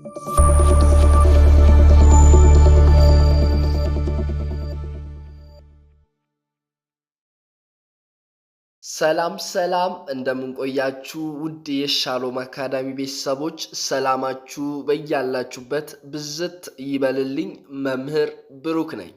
ሰላም ሰላም፣ እንደምንቆያችሁ ውድ የሻሎም አካዳሚ ቤተሰቦች ሰላማችሁ በያላችሁበት ብዝት ይበልልኝ። መምህር ብሩክ ነኝ።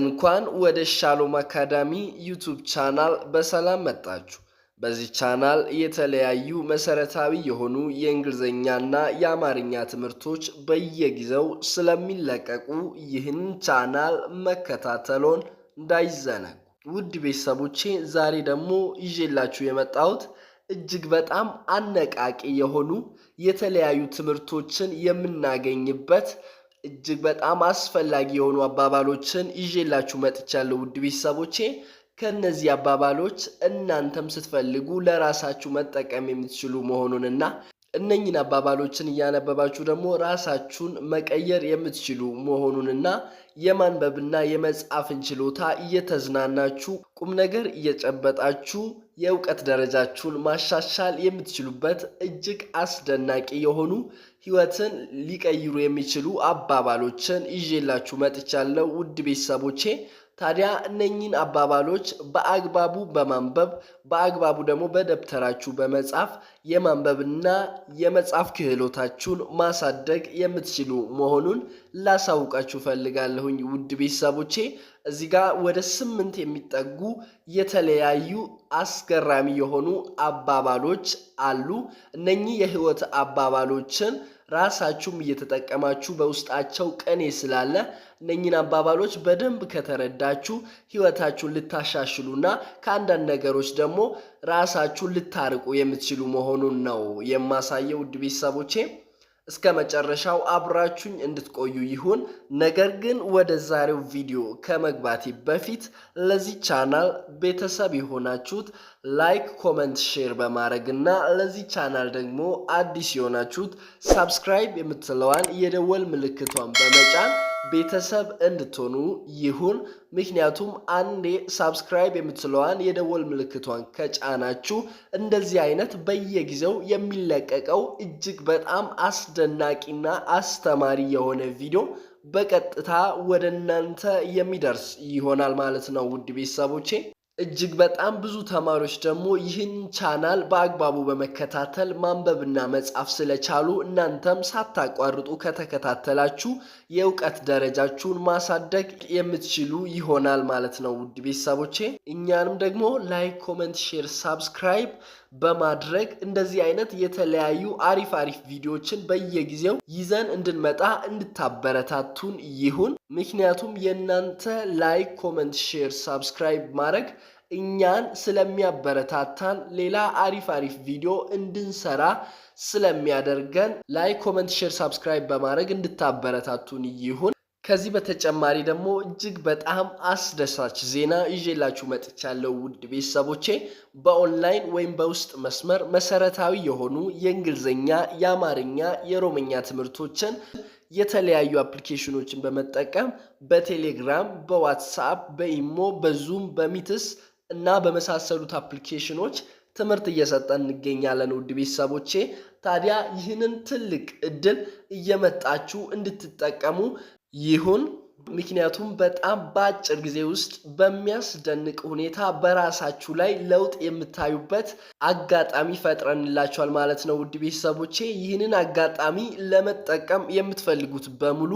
እንኳን ወደ ሻሎም አካዳሚ ዩቱብ ቻናል በሰላም መጣችሁ። በዚህ ቻናል የተለያዩ መሰረታዊ የሆኑ የእንግሊዝኛና የአማርኛ ትምህርቶች በየጊዜው ስለሚለቀቁ ይህን ቻናል መከታተሎን እንዳይዘነጉ። ውድ ቤተሰቦቼ ዛሬ ደግሞ ይዤላችሁ የመጣሁት እጅግ በጣም አነቃቂ የሆኑ የተለያዩ ትምህርቶችን የምናገኝበት እጅግ በጣም አስፈላጊ የሆኑ አባባሎችን ይዤላችሁ መጥቻለሁ። ውድ ቤተሰቦቼ ከእነዚህ አባባሎች እናንተም ስትፈልጉ ለራሳችሁ መጠቀም የምትችሉ መሆኑንና እነኝን አባባሎችን እያነበባችሁ ደግሞ ራሳችሁን መቀየር የምትችሉ መሆኑንና የማንበብና የመጻፍን ችሎታ እየተዝናናችሁ ቁም ነገር እየጨበጣችሁ የእውቀት ደረጃችሁን ማሻሻል የምትችሉበት እጅግ አስደናቂ የሆኑ ሕይወትን ሊቀይሩ የሚችሉ አባባሎችን ይዤላችሁ መጥቻለሁ ውድ ቤተሰቦቼ። ታዲያ እነኚህን አባባሎች በአግባቡ በማንበብ በአግባቡ ደግሞ በደብተራችሁ በመጻፍ የማንበብና የመጻፍ ክህሎታችሁን ማሳደግ የምትችሉ መሆኑን ላሳውቃችሁ ፈልጋለሁኝ። ውድ ቤተሰቦቼ እዚህ ጋ ወደ ስምንት የሚጠጉ የተለያዩ አስገራሚ የሆኑ አባባሎች አሉ። እነኚህ የህይወት አባባሎችን ራሳችሁም እየተጠቀማችሁ በውስጣቸው ቅኔ ስላለ እነኝን አባባሎች በደንብ ከተረዳችሁ ህይወታችሁን ልታሻሽሉና ከአንዳንድ ነገሮች ደግሞ ራሳችሁን ልታርቁ የምትችሉ መሆኑን ነው የማሳየው ውድ ቤተሰቦቼ። እስከ መጨረሻው አብራችሁኝ እንድትቆዩ ይሁን። ነገር ግን ወደ ዛሬው ቪዲዮ ከመግባቴ በፊት ለዚህ ቻናል ቤተሰብ የሆናችሁት ላይክ፣ ኮመንት፣ ሼር በማድረግ እና ለዚህ ቻናል ደግሞ አዲስ የሆናችሁት ሳብስክራይብ የምትለዋን የደወል ምልክቷን በመጫን ቤተሰብ እንድትሆኑ ይሁን። ምክንያቱም አንዴ ሳብስክራይብ የምትለዋን የደወል ምልክቷን ከጫናችሁ እንደዚህ አይነት በየጊዜው የሚለቀቀው እጅግ በጣም አስደናቂና አስተማሪ የሆነ ቪዲዮ በቀጥታ ወደ እናንተ የሚደርስ ይሆናል ማለት ነው ውድ ቤተሰቦቼ። እጅግ በጣም ብዙ ተማሪዎች ደግሞ ይህን ቻናል በአግባቡ በመከታተል ማንበብና መጻፍ ስለቻሉ እናንተም ሳታቋርጡ ከተከታተላችሁ የእውቀት ደረጃችሁን ማሳደግ የምትችሉ ይሆናል ማለት ነው። ውድ ቤተሰቦቼ እኛንም ደግሞ ላይክ፣ ኮመንት፣ ሼር፣ ሳብስክራይብ በማድረግ እንደዚህ አይነት የተለያዩ አሪፍ አሪፍ ቪዲዮዎችን በየጊዜው ይዘን እንድንመጣ እንድታበረታቱን ይሁን። ምክንያቱም የእናንተ ላይክ፣ ኮመንት፣ ሼር፣ ሳብስክራይብ ማድረግ እኛን ስለሚያበረታታን ሌላ አሪፍ አሪፍ ቪዲዮ እንድንሰራ ስለሚያደርገን ላይክ፣ ኮመንት፣ ሼር፣ ሳብስክራይብ በማድረግ እንድታበረታቱን ይሁን። ከዚህ በተጨማሪ ደግሞ እጅግ በጣም አስደሳች ዜና ይዤላችሁ መጥቻለሁ። ውድ ቤተሰቦቼ በኦንላይን ወይም በውስጥ መስመር መሰረታዊ የሆኑ የእንግሊዝኛ፣ የአማርኛ፣ የሮምኛ ትምህርቶችን የተለያዩ አፕሊኬሽኖችን በመጠቀም በቴሌግራም፣ በዋትሳፕ፣ በኢሞ፣ በዙም፣ በሚትስ እና በመሳሰሉት አፕሊኬሽኖች ትምህርት እየሰጠን እንገኛለን። ውድ ቤተሰቦቼ ታዲያ ይህንን ትልቅ እድል እየመጣችሁ እንድትጠቀሙ ይሁን። ምክንያቱም በጣም በአጭር ጊዜ ውስጥ በሚያስደንቅ ሁኔታ በራሳችሁ ላይ ለውጥ የምታዩበት አጋጣሚ ፈጥረንላችኋል ማለት ነው። ውድ ቤተሰቦቼ ይህንን አጋጣሚ ለመጠቀም የምትፈልጉት በሙሉ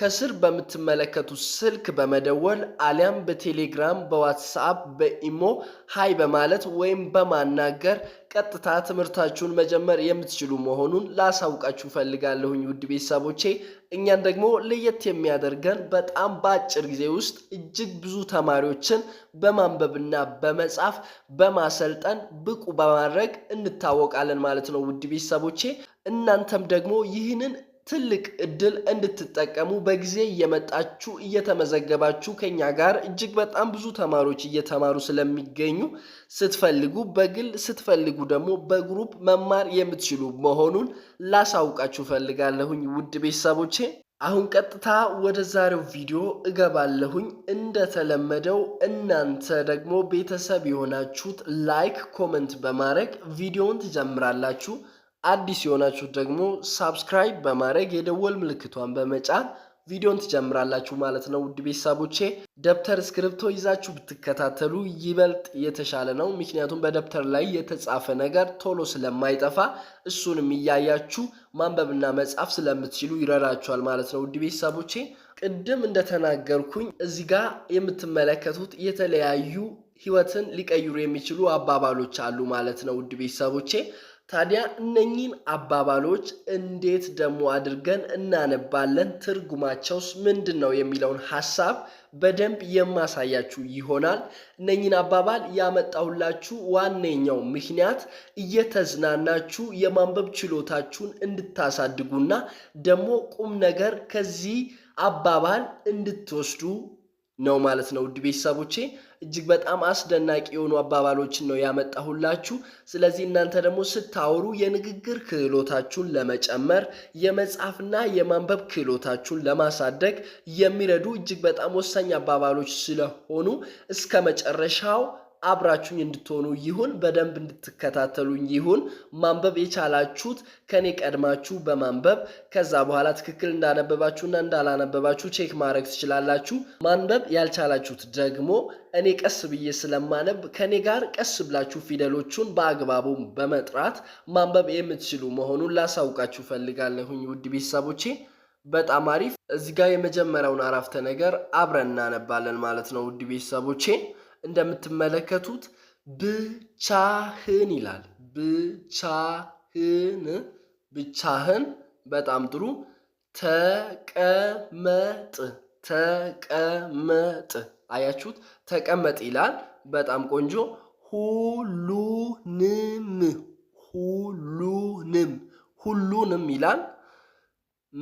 ከስር በምትመለከቱት ስልክ በመደወል አሊያም በቴሌግራም፣ በዋትስአፕ፣ በኢሞ ሀይ በማለት ወይም በማናገር ቀጥታ ትምህርታችሁን መጀመር የምትችሉ መሆኑን ላሳውቃችሁ ፈልጋለሁኝ ውድ ቤተሰቦቼ። እኛን ደግሞ ለየት የሚያደርገን በጣም በአጭር ጊዜ ውስጥ እጅግ ብዙ ተማሪዎችን በማንበብና በመጻፍ በማሰልጠን ብቁ በማድረግ እንታወቃለን ማለት ነው ውድ ቤተሰቦቼ። እናንተም ደግሞ ይህንን ትልቅ እድል እንድትጠቀሙ በጊዜ እየመጣችሁ እየተመዘገባችሁ ከኛ ጋር እጅግ በጣም ብዙ ተማሪዎች እየተማሩ ስለሚገኙ ስትፈልጉ በግል ስትፈልጉ ደግሞ በግሩፕ መማር የምትችሉ መሆኑን ላሳውቃችሁ ፈልጋለሁኝ ውድ ቤተሰቦቼ። አሁን ቀጥታ ወደ ዛሬው ቪዲዮ እገባለሁኝ። እንደተለመደው እናንተ ደግሞ ቤተሰብ የሆናችሁት ላይክ፣ ኮመንት በማድረግ ቪዲዮውን ትጀምራላችሁ። አዲስ የሆናችሁ ደግሞ ሳብስክራይብ በማድረግ የደወል ምልክቷን በመጫን ቪዲዮን ትጀምራላችሁ ማለት ነው። ውድ ቤተሰቦቼ ደብተር እስክሪብቶ ይዛችሁ ብትከታተሉ ይበልጥ የተሻለ ነው። ምክንያቱም በደብተር ላይ የተጻፈ ነገር ቶሎ ስለማይጠፋ እሱንም እያያችሁ ማንበብና መጻፍ ስለምትችሉ ይረዳችኋል ማለት ነው። ውድ ቤተሰቦቼ ቅድም እንደተናገርኩኝ እዚህ ጋር የምትመለከቱት የተለያዩ ህይወትን ሊቀይሩ የሚችሉ አባባሎች አሉ ማለት ነው። ውድ ቤተሰቦቼ ታዲያ እነኚህን አባባሎች እንዴት ደግሞ አድርገን እናነባለን? ትርጉማቸውስ ምንድን ነው የሚለውን ሀሳብ በደንብ የማሳያችሁ ይሆናል። እነኚህን አባባል ያመጣሁላችሁ ዋነኛው ምክንያት እየተዝናናችሁ የማንበብ ችሎታችሁን እንድታሳድጉና ደግሞ ቁም ነገር ከዚህ አባባል እንድትወስዱ ነው ማለት ነው። ውድ ቤተሰቦቼ እጅግ በጣም አስደናቂ የሆኑ አባባሎችን ነው ያመጣሁላችሁ። ስለዚህ እናንተ ደግሞ ስታወሩ የንግግር ክህሎታችሁን ለመጨመር የመጻፍና የማንበብ ክህሎታችሁን ለማሳደግ የሚረዱ እጅግ በጣም ወሳኝ አባባሎች ስለሆኑ እስከ መጨረሻው አብራችሁኝ እንድትሆኑ ይሁን፣ በደንብ እንድትከታተሉኝ ይሁን። ማንበብ የቻላችሁት ከኔ ቀድማችሁ በማንበብ ከዛ በኋላ ትክክል እንዳነበባችሁና እንዳላነበባችሁ ቼክ ማድረግ ትችላላችሁ። ማንበብ ያልቻላችሁት ደግሞ እኔ ቀስ ብዬ ስለማነብ ከኔ ጋር ቀስ ብላችሁ ፊደሎቹን በአግባቡ በመጥራት ማንበብ የምትችሉ መሆኑን ላሳውቃችሁ ፈልጋለሁኝ ውድ ቤተሰቦቼ። በጣም አሪፍ። እዚህ ጋር የመጀመሪያውን አረፍተ ነገር አብረን እናነባለን ማለት ነው ውድ ቤተሰቦቼ እንደምትመለከቱት ብቻህን ይላል። ብቻህን ብቻህን። በጣም ጥሩ። ተቀመጥ ተቀመጥ። አያችሁት? ተቀመጥ ይላል። በጣም ቆንጆ። ሁሉንም ሁሉንም ሁሉንም ይላል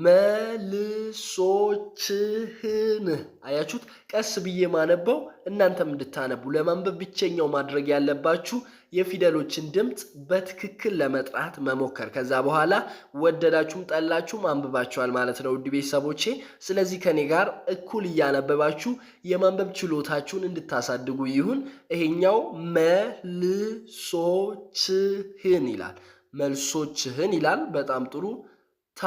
መልሶችህን አያችሁት? ቀስ ብዬ ማነበው እናንተም እንድታነቡ ለማንበብ ብቸኛው ማድረግ ያለባችሁ የፊደሎችን ድምፅ በትክክል ለመጥራት መሞከር። ከዛ በኋላ ወደዳችሁም ጠላችሁም አንብባችኋል ማለት ነው ውድ ቤተሰቦቼ። ስለዚህ ከኔ ጋር እኩል እያነበባችሁ የማንበብ ችሎታችሁን እንድታሳድጉ ይሁን። ይሄኛው መልሶችህን ይላል፣ መልሶችህን ይላል። በጣም ጥሩ ታ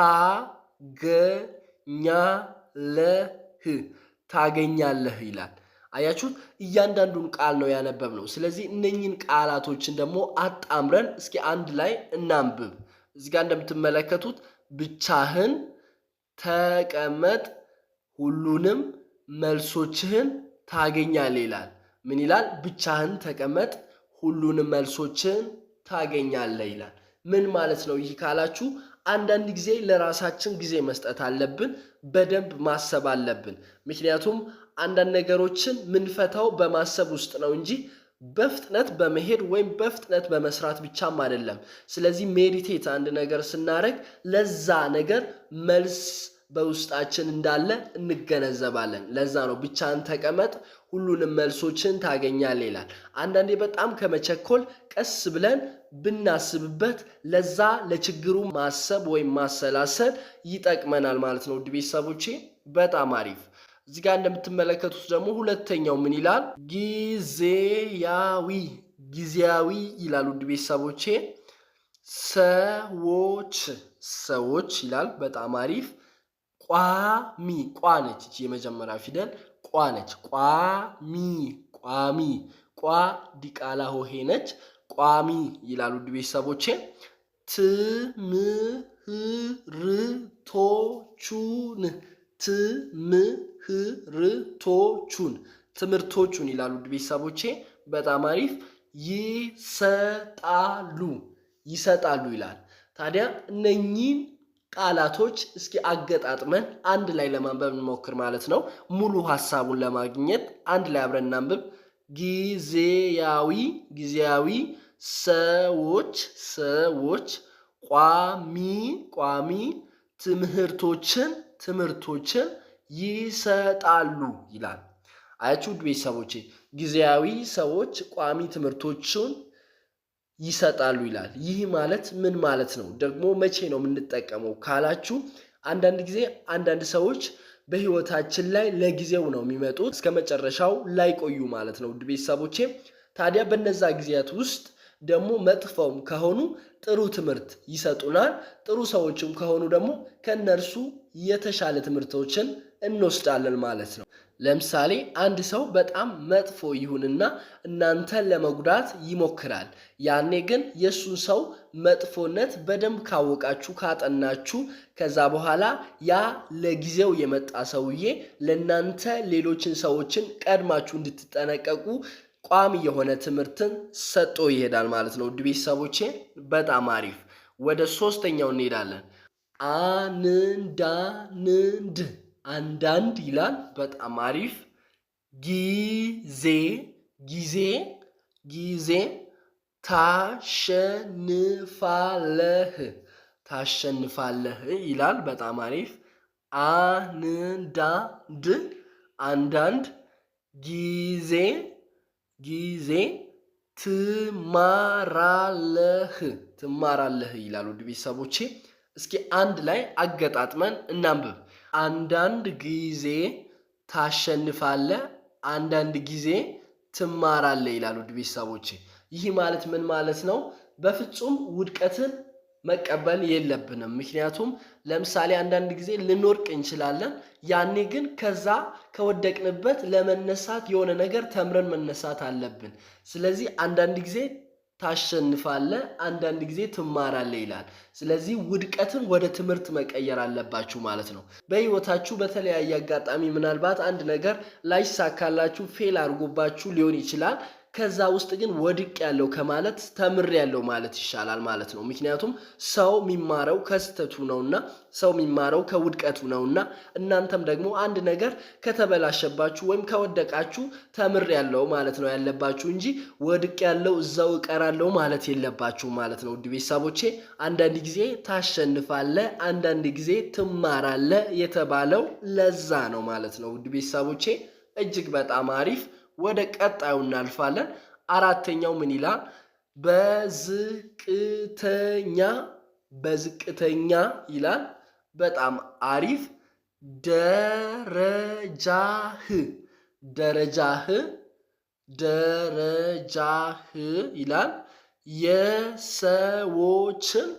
ታገኛለህ ታገኛለህ ይላል። አያችሁት? እያንዳንዱን ቃል ነው ያነበብ ነው። ስለዚህ እነኝን ቃላቶችን ደግሞ አጣምረን እስኪ አንድ ላይ እናንብብ። እዚጋ እንደምትመለከቱት ብቻህን ተቀመጥ፣ ሁሉንም መልሶችህን ታገኛለህ ይላል። ምን ይላል? ብቻህን ተቀመጥ፣ ሁሉንም መልሶችህን ታገኛለህ ይላል። ምን ማለት ነው ይህ ካላችሁ አንዳንድ ጊዜ ለራሳችን ጊዜ መስጠት አለብን። በደንብ ማሰብ አለብን። ምክንያቱም አንዳንድ ነገሮችን ምንፈታው በማሰብ ውስጥ ነው እንጂ በፍጥነት በመሄድ ወይም በፍጥነት በመስራት ብቻም አይደለም። ስለዚህ ሜዲቴት አንድ ነገር ስናደርግ ለዛ ነገር መልስ በውስጣችን እንዳለ እንገነዘባለን። ለዛ ነው ብቻን ተቀመጥ ሁሉንም መልሶችን ታገኛል ይላል። አንዳንዴ በጣም ከመቸኮል ቀስ ብለን ብናስብበት ለዛ ለችግሩ ማሰብ ወይም ማሰላሰል ይጠቅመናል ማለት ነው። ውድ ቤተሰቦቼ በጣም አሪፍ። እዚህ ጋር እንደምትመለከቱት ደግሞ ሁለተኛው ምን ይላል? ጊዜያዊ ጊዜያዊ ይላል። ውድ ቤተሰቦቼ ሰዎች ሰዎች ይላል። በጣም አሪፍ። ቋሚ ቋነች የመጀመሪያ ፊደል ቋነች። ቋሚ ቋሚ ቋ ዲቃላ ሆሄ ነች። ቋሚ ይላሉ ውድ ቤተሰቦቼ ትምህርቶቹን ትምህርቶቹን ትምህርቶቹን ይላሉ ውድ ቤተሰቦቼ በጣም አሪፍ ይሰጣሉ ይሰጣሉ ይላል ታዲያ እነኚህን ቃላቶች እስኪ አገጣጥመን አንድ ላይ ለማንበብ እንሞክር ማለት ነው ሙሉ ሀሳቡን ለማግኘት አንድ ላይ አብረን እናንብብ ጊዜያዊ ጊዜያዊ ሰዎች ሰዎች ቋሚ ቋሚ ትምህርቶችን ትምህርቶችን ይሰጣሉ ይላል። አያችሁ ውድ ቤተሰቦቼ ጊዜያዊ ሰዎች ቋሚ ትምህርቶችን ይሰጣሉ ይላል። ይህ ማለት ምን ማለት ነው? ደግሞ መቼ ነው የምንጠቀመው ካላችሁ አንዳንድ ጊዜ አንዳንድ ሰዎች በህይወታችን ላይ ለጊዜው ነው የሚመጡት፣ እስከ መጨረሻው ላይቆዩ ማለት ነው። ውድ ቤተሰቦቼ ታዲያ በነዛ ጊዜያት ውስጥ ደግሞ መጥፈውም ከሆኑ ጥሩ ትምህርት ይሰጡናል። ጥሩ ሰዎችም ከሆኑ ደግሞ ከነርሱ የተሻለ ትምህርቶችን እንወስዳለን ማለት ነው። ለምሳሌ አንድ ሰው በጣም መጥፎ ይሁንና እናንተን ለመጉዳት ይሞክራል። ያኔ ግን የእሱን ሰው መጥፎነት በደንብ ካወቃችሁ ካጠናችሁ፣ ከዛ በኋላ ያ ለጊዜው የመጣ ሰውዬ ለእናንተ ሌሎችን ሰዎችን ቀድማችሁ እንድትጠነቀቁ ቋሚ የሆነ ትምህርትን ሰጥቶ ይሄዳል ማለት ነው። ውድ ቤተሰቦቼ በጣም አሪፍ። ወደ ሶስተኛው እንሄዳለን። አንዳንድ አንዳንድ ይላል። በጣም አሪፍ። ጊዜ ጊዜ ጊዜ ታሸንፋለህ ታሸንፋለህ ይላል። በጣም አሪፍ። አንዳንድ አንዳንድ ጊዜ ጊዜ ትማራለህ ትማራለህ ይላሉ ውድ ቤተሰቦቼ እስኪ አንድ ላይ አገጣጥመን እናንብብ። አንዳንድ ጊዜ ታሸንፋለህ፣ አንዳንድ ጊዜ ትማራለህ ይላሉ ውድ ቤተሰቦቼ ይህ ማለት ምን ማለት ነው? በፍጹም ውድቀትን መቀበል የለብንም። ምክንያቱም ለምሳሌ አንዳንድ ጊዜ ልንወድቅ እንችላለን። ያኔ ግን ከዛ ከወደቅንበት ለመነሳት የሆነ ነገር ተምረን መነሳት አለብን። ስለዚህ አንዳንድ ጊዜ ታሸንፋለህ፣ አንዳንድ ጊዜ ትማራለህ ይላል። ስለዚህ ውድቀትን ወደ ትምህርት መቀየር አለባችሁ ማለት ነው። በህይወታችሁ በተለያየ አጋጣሚ ምናልባት አንድ ነገር ላይሳካላችሁ ፌል አድርጎባችሁ ሊሆን ይችላል። ከዛ ውስጥ ግን ወድቅ ያለው ከማለት ተምር ያለው ማለት ይሻላል ማለት ነው። ምክንያቱም ሰው የሚማረው ከስተቱ ነውና ሰው የሚማረው ከውድቀቱ ነውና እናንተም ደግሞ አንድ ነገር ከተበላሸባችሁ ወይም ከወደቃችሁ ተምር ያለው ማለት ነው ያለባችሁ እንጂ ወድቅ ያለው እዛው እቀራለው ማለት የለባችሁ ማለት ነው። ውድ ቤተሰቦቼ አንዳንድ ጊዜ ታሸንፋለ፣ አንዳንድ ጊዜ ትማራለ የተባለው ለዛ ነው ማለት ነው። ውድ ቤተሰቦቼ እጅግ በጣም አሪፍ ወደ ቀጣዩ እናልፋለን። አራተኛው ምን ይላል? በዝቅተኛ በዝቅተኛ ይላል። በጣም አሪፍ። ደረጃህ ደረጃህ ደረጃህ ይላል። የሰዎችን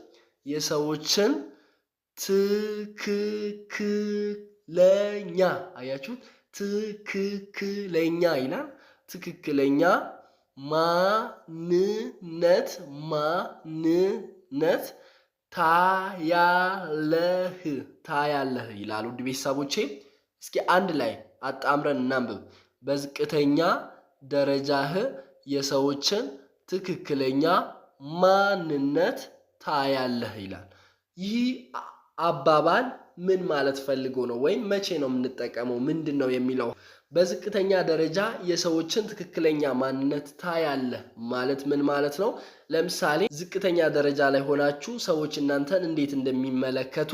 የሰዎችን ትክክለኛ አያችሁት ትክክለኛ ይላል። ትክክለኛ ማንነት ማንነት ታያለህ ታያለህ ይላል። ውድ ቤተሰቦቼ እስኪ አንድ ላይ አጣምረን እናንብብ። በዝቅተኛ ደረጃህ የሰዎችን ትክክለኛ ማንነት ታያለህ ይላል። ይህ አባባል ምን ማለት ፈልጎ ነው ወይም መቼ ነው የምንጠቀመው ምንድን ነው የሚለው በዝቅተኛ ደረጃ የሰዎችን ትክክለኛ ማንነት ታያለህ ማለት ምን ማለት ነው? ለምሳሌ ዝቅተኛ ደረጃ ላይ ሆናችሁ ሰዎች እናንተን እንዴት እንደሚመለከቱ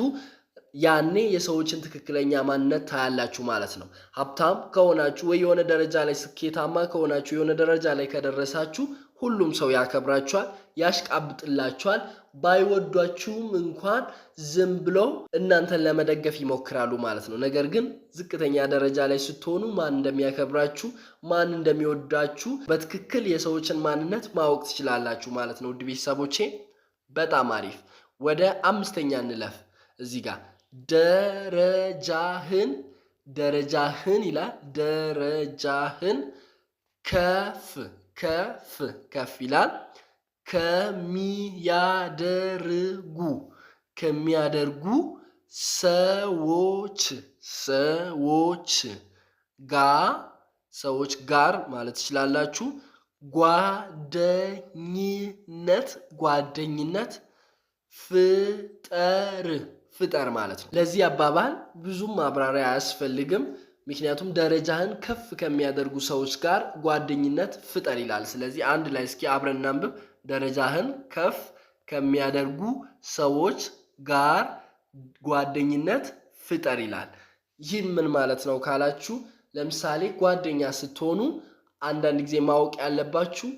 ያኔ የሰዎችን ትክክለኛ ማንነት ታያላችሁ ማለት ነው። ሀብታም ከሆናችሁ ወይ የሆነ ደረጃ ላይ ስኬታማ ከሆናችሁ የሆነ ደረጃ ላይ ከደረሳችሁ ሁሉም ሰው ያከብራችኋል፣ ያሽቃብጥላችኋል። ባይወዷችሁም እንኳን ዝም ብለው እናንተን ለመደገፍ ይሞክራሉ ማለት ነው። ነገር ግን ዝቅተኛ ደረጃ ላይ ስትሆኑ ማን እንደሚያከብራችሁ፣ ማን እንደሚወዳችሁ በትክክል የሰዎችን ማንነት ማወቅ ትችላላችሁ ማለት ነው። ውድ ቤተሰቦቼ በጣም አሪፍ። ወደ አምስተኛ እንለፍ። እዚህ ጋር ደረጃህን ደረጃህን ይላል ደረጃህን ከፍ ከፍ ከፍ ይላል። ከሚያደርጉ ከሚያደርጉ ሰዎች ሰዎች ጋ ሰዎች ጋር ማለት ትችላላችሁ። ጓደኝነት ጓደኝነት ፍጠር ፍጠር ማለት ነው። ለዚህ አባባል ብዙም ማብራሪያ አያስፈልግም። ምክንያቱም ደረጃህን ከፍ ከሚያደርጉ ሰዎች ጋር ጓደኝነት ፍጠር ይላል። ስለዚህ አንድ ላይ እስኪ አብረን እናንብብ። ደረጃህን ከፍ ከሚያደርጉ ሰዎች ጋር ጓደኝነት ፍጠር ይላል። ይህን ምን ማለት ነው ካላችሁ፣ ለምሳሌ ጓደኛ ስትሆኑ አንዳንድ ጊዜ ማወቅ ያለባችሁ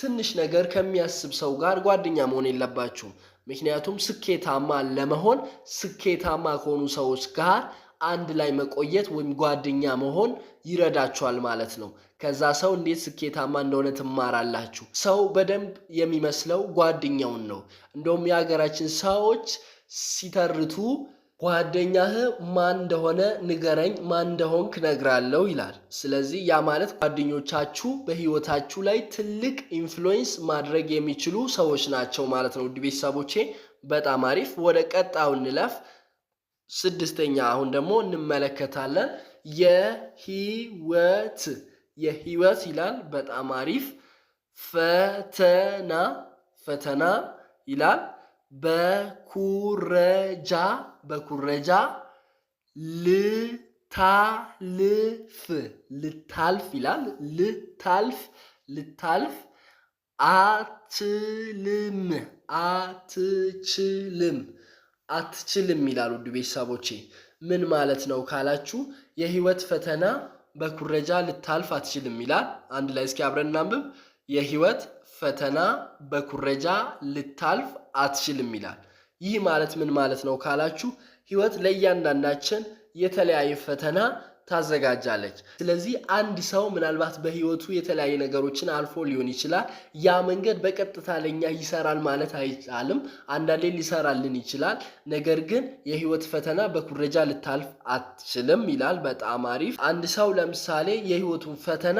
ትንሽ ነገር ከሚያስብ ሰው ጋር ጓደኛ መሆን የለባችሁም። ምክንያቱም ስኬታማ ለመሆን ስኬታማ ከሆኑ ሰዎች ጋር አንድ ላይ መቆየት ወይም ጓደኛ መሆን ይረዳችኋል ማለት ነው። ከዛ ሰው እንዴት ስኬታማ እንደሆነ ትማራላችሁ። ሰው በደንብ የሚመስለው ጓደኛውን ነው። እንደውም የሀገራችን ሰዎች ሲተርቱ ጓደኛህ ማን እንደሆነ ንገረኝ፣ ማን እንደሆንክ እነግራለሁ ይላል። ስለዚህ ያ ማለት ጓደኞቻችሁ በህይወታችሁ ላይ ትልቅ ኢንፍሉዌንስ ማድረግ የሚችሉ ሰዎች ናቸው ማለት ነው። ውድ ቤተሰቦቼ በጣም አሪፍ። ወደ ቀጣው እንለፍ። ስድስተኛ አሁን ደግሞ እንመለከታለን የህይወት የህይወት ይላል። በጣም አሪፍ ፈተና ፈተና ይላል። በኩረጃ በኩረጃ ልታልፍ ልታልፍ ይላል። ልታልፍ ልታልፍ አትልም አትችልም አትችልም ይላሉ። ውድ ቤተሰቦቼ ምን ማለት ነው ካላችሁ የህይወት ፈተና በኩረጃ ልታልፍ አትችልም ይላል። አንድ ላይ እስኪ አብረን እናንብብ። የህይወት ፈተና በኩረጃ ልታልፍ አትችልም ይላል። ይህ ማለት ምን ማለት ነው ካላችሁ ህይወት ለእያንዳንዳችን የተለያየ ፈተና ታዘጋጃለች። ስለዚህ አንድ ሰው ምናልባት በህይወቱ የተለያዩ ነገሮችን አልፎ ሊሆን ይችላል። ያ መንገድ በቀጥታ ለኛ ይሰራል ማለት አይቻልም። አንዳንዴ ሊሰራልን ይችላል። ነገር ግን የህይወት ፈተና በኩረጃ ልታልፍ አትችልም ይላል። በጣም አሪፍ። አንድ ሰው ለምሳሌ የህይወቱን ፈተና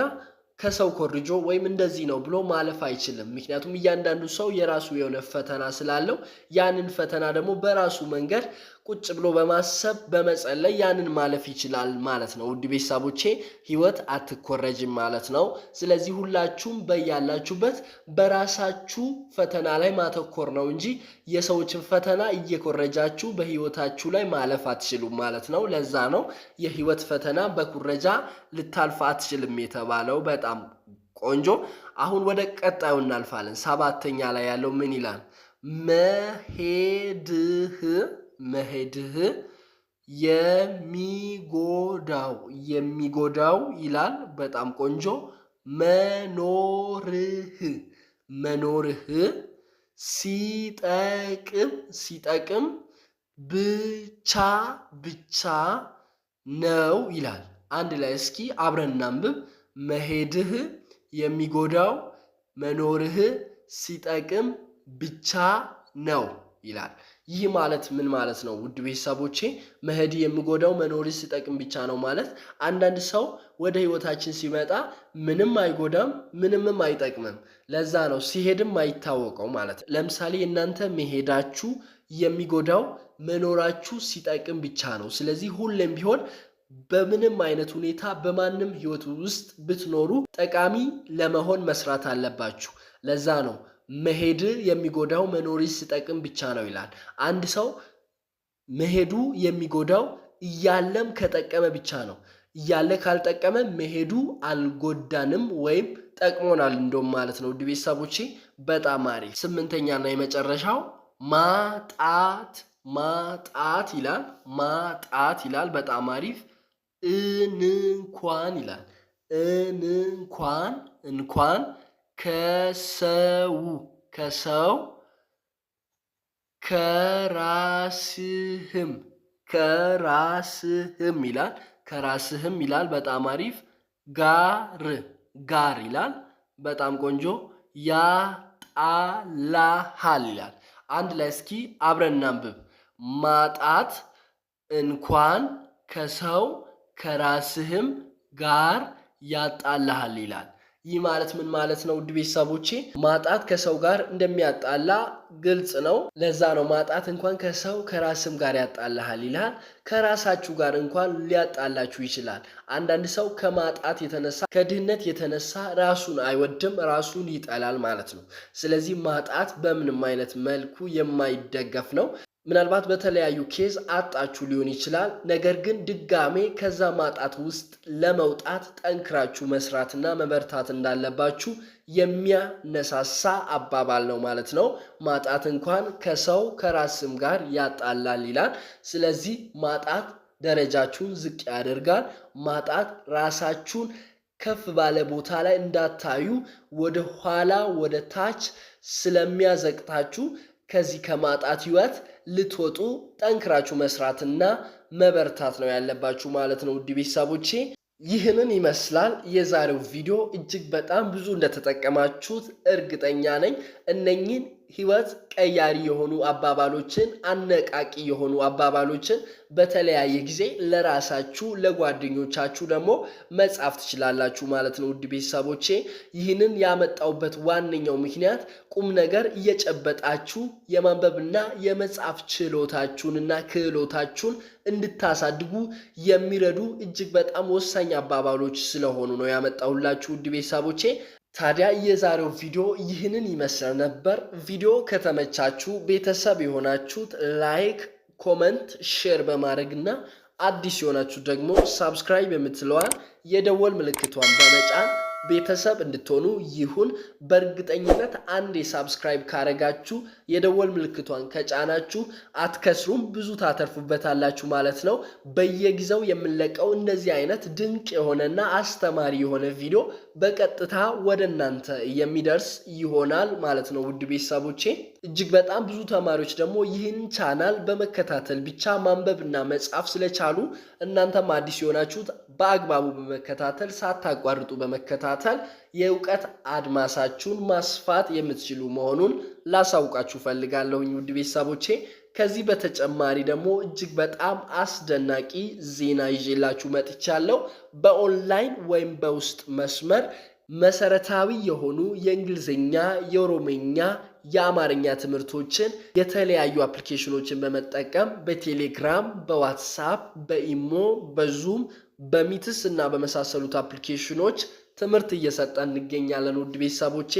ከሰው ኮርጆ ወይም እንደዚህ ነው ብሎ ማለፍ አይችልም። ምክንያቱም እያንዳንዱ ሰው የራሱ የሆነ ፈተና ስላለው ያንን ፈተና ደግሞ በራሱ መንገድ ቁጭ ብሎ በማሰብ በመጸለይ ያንን ማለፍ ይችላል ማለት ነው። ውድ ቤተሰቦቼ ህይወት አትኮረጅም ማለት ነው። ስለዚህ ሁላችሁም በያላችሁበት በራሳችሁ ፈተና ላይ ማተኮር ነው እንጂ የሰዎችን ፈተና እየኮረጃችሁ በህይወታችሁ ላይ ማለፍ አትችሉም ማለት ነው። ለዛ ነው የህይወት ፈተና በኩረጃ ልታልፍ አትችልም የተባለው። በጣም ቆንጆ። አሁን ወደ ቀጣዩ እናልፋለን። ሰባተኛ ላይ ያለው ምን ይላል? መሄድህ መሄድህ የሚጎዳው የሚጎዳው ይላል። በጣም ቆንጆ መኖርህ መኖርህ ሲጠቅም ሲጠቅም ብቻ ብቻ ነው ይላል። አንድ ላይ እስኪ አብረን እናንብብ። መሄድህ የሚጎዳው መኖርህ ሲጠቅም ብቻ ነው ይላል። ይህ ማለት ምን ማለት ነው? ውድ ቤተሰቦቼ መሄድ የሚጎዳው መኖሪ ሲጠቅም ብቻ ነው ማለት። አንዳንድ ሰው ወደ ህይወታችን ሲመጣ ምንም አይጎዳም፣ ምንምም አይጠቅምም። ለዛ ነው ሲሄድም አይታወቀው ማለት ነው። ለምሳሌ እናንተ መሄዳችሁ የሚጎዳው መኖራችሁ ሲጠቅም ብቻ ነው። ስለዚህ ሁሌም ቢሆን በምንም አይነት ሁኔታ በማንም ህይወት ውስጥ ብትኖሩ ጠቃሚ ለመሆን መስራት አለባችሁ። ለዛ ነው መሄድ የሚጎዳው መኖሪ ሲጠቅም ብቻ ነው ይላል። አንድ ሰው መሄዱ የሚጎዳው እያለም ከጠቀመ ብቻ ነው። እያለ ካልጠቀመ መሄዱ አልጎዳንም ወይም ጠቅሞናል እንደም ማለት ነው። ውድ ቤተሰቦቼ በጣም አሪፍ። ስምንተኛና የመጨረሻው ማጣት ማጣት ይላል። ማጣት ይላል። በጣም አሪፍ። እንኳን ይላል። እንኳን እንኳን ከሰው ከሰው ከራስህም ከራስህም ይላል ከራስህም ይላል። በጣም አሪፍ ጋር ጋር ይላል። በጣም ቆንጆ ያጣላሃል ይላል። አንድ ላይ እስኪ አብረን እናንብብ። ማጣት እንኳን ከሰው ከራስህም ጋር ያጣላሃል ይላል። ይህ ማለት ምን ማለት ነው? ውድ ቤተሰቦቼ ማጣት ከሰው ጋር እንደሚያጣላ ግልጽ ነው። ለዛ ነው ማጣት እንኳን ከሰው ከራስም ጋር ያጣልሃል ይላል። ከራሳችሁ ጋር እንኳን ሊያጣላችሁ ይችላል። አንዳንድ ሰው ከማጣት የተነሳ ከድህነት የተነሳ ራሱን አይወድም፣ ራሱን ይጠላል ማለት ነው። ስለዚህ ማጣት በምንም አይነት መልኩ የማይደገፍ ነው። ምናልባት በተለያዩ ኬዝ አጣችሁ ሊሆን ይችላል። ነገር ግን ድጋሜ ከዛ ማጣት ውስጥ ለመውጣት ጠንክራችሁ መስራትና መበርታት እንዳለባችሁ የሚያነሳሳ አባባል ነው ማለት ነው። ማጣት እንኳን ከሰው ከራስም ጋር ያጣላል ይላል። ስለዚህ ማጣት ደረጃችሁን ዝቅ ያደርጋል። ማጣት ራሳችሁን ከፍ ባለ ቦታ ላይ እንዳታዩ ወደ ኋላ ወደ ታች ስለሚያዘቅታችሁ ከዚህ ከማጣት ህይወት ልትወጡ ጠንክራችሁ መስራትና መበርታት ነው ያለባችሁ ማለት ነው። ውድ ቤተሰቦቼ ይህንን ይመስላል የዛሬው ቪዲዮ። እጅግ በጣም ብዙ እንደተጠቀማችሁት እርግጠኛ ነኝ። እነኚህን ህይወት ቀያሪ የሆኑ አባባሎችን አነቃቂ የሆኑ አባባሎችን በተለያየ ጊዜ ለራሳችሁ ለጓደኞቻችሁ ደግሞ መጻፍ ትችላላችሁ ማለት ነው። ውድ ቤተሰቦቼ ይህንን ያመጣውበት ዋነኛው ምክንያት ቁም ነገር እየጨበጣችሁ የማንበብና የመጻፍ ችሎታችሁንና ክህሎታችሁን እንድታሳድጉ የሚረዱ እጅግ በጣም ወሳኝ አባባሎች ስለሆኑ ነው ያመጣሁላችሁ ውድ ቤተሰቦቼ። ታዲያ የዛሬው ቪዲዮ ይህንን ይመስል ነበር። ቪዲዮ ከተመቻችሁ ቤተሰብ የሆናችሁት ላይክ፣ ኮመንት፣ ሼር በማድረግ እና አዲስ የሆናችሁ ደግሞ ሳብስክራይብ የምትለዋን የደወል ምልክቷን በመጫን ቤተሰብ እንድትሆኑ ይሁን። በእርግጠኝነት አንድ የሳብስክራይብ ካረጋችሁ የደወል ምልክቷን ከጫናችሁ አትከስሩም፣ ብዙ ታተርፉበታላችሁ ማለት ነው። በየጊዜው የምንለቀው እንደዚህ አይነት ድንቅ የሆነና አስተማሪ የሆነ ቪዲዮ በቀጥታ ወደ እናንተ የሚደርስ ይሆናል ማለት ነው። ውድ ቤተሰቦቼ እጅግ በጣም ብዙ ተማሪዎች ደግሞ ይህን ቻናል በመከታተል ብቻ ማንበብና መጻፍ ስለቻሉ እናንተም አዲስ የሆናችሁት በአግባቡ በመከታተል ሳታቋርጡ በመከታተል በመከታተል የእውቀት አድማሳችሁን ማስፋት የምትችሉ መሆኑን ላሳውቃችሁ ፈልጋለሁኝ ውድ ቤተሰቦቼ። ከዚህ በተጨማሪ ደግሞ እጅግ በጣም አስደናቂ ዜና ይዤላችሁ መጥቻለሁ። በኦንላይን ወይም በውስጥ መስመር መሰረታዊ የሆኑ የእንግሊዝኛ፣ የኦሮምኛ፣ የአማርኛ ትምህርቶችን የተለያዩ አፕሊኬሽኖችን በመጠቀም በቴሌግራም፣ በዋትሳፕ፣ በኢሞ፣ በዙም፣ በሚትስ እና በመሳሰሉት አፕሊኬሽኖች ትምህርት እየሰጠ እንገኛለን። ውድ ቤተሰቦቼ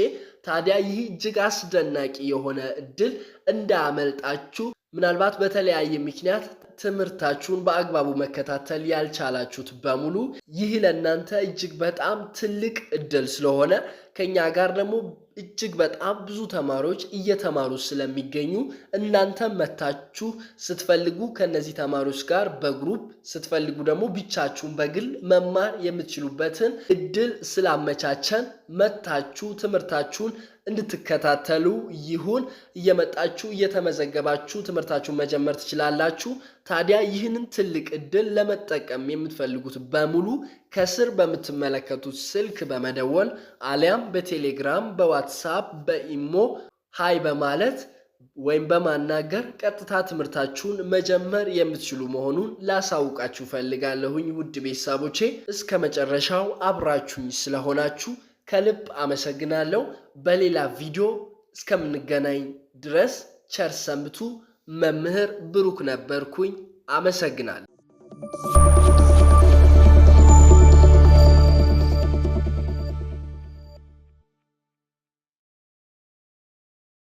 ታዲያ ይህ እጅግ አስደናቂ የሆነ እድል እንዳያመልጣችሁ። ምናልባት በተለያየ ምክንያት ትምህርታችሁን በአግባቡ መከታተል ያልቻላችሁት በሙሉ ይህ ለእናንተ እጅግ በጣም ትልቅ እድል ስለሆነ ከኛ ጋር ደግሞ እጅግ በጣም ብዙ ተማሪዎች እየተማሩ ስለሚገኙ እናንተም መታችሁ ስትፈልጉ ከነዚህ ተማሪዎች ጋር በግሩፕ ስትፈልጉ ደግሞ ብቻችሁን በግል መማር የምትችሉበትን እድል ስላመቻቸን መታችሁ ትምህርታችሁን እንድትከታተሉ ይሁን። እየመጣችሁ እየተመዘገባችሁ ትምህርታችሁን መጀመር ትችላላችሁ። ታዲያ ይህንን ትልቅ እድል ለመጠቀም የምትፈልጉት በሙሉ ከስር በምትመለከቱት ስልክ በመደወል አሊያም በቴሌግራም፣ በዋትሳፕ፣ በኢሞ ሀይ በማለት ወይም በማናገር ቀጥታ ትምህርታችሁን መጀመር የምትችሉ መሆኑን ላሳውቃችሁ ፈልጋለሁኝ። ውድ ቤተሰቦቼ እስከ መጨረሻው አብራችሁኝ ስለሆናችሁ ከልብ አመሰግናለሁ። በሌላ ቪዲዮ እስከምንገናኝ ድረስ ቸር ሰንብቱ። መምህር ብሩክ ነበርኩኝ። አመሰግናለሁ።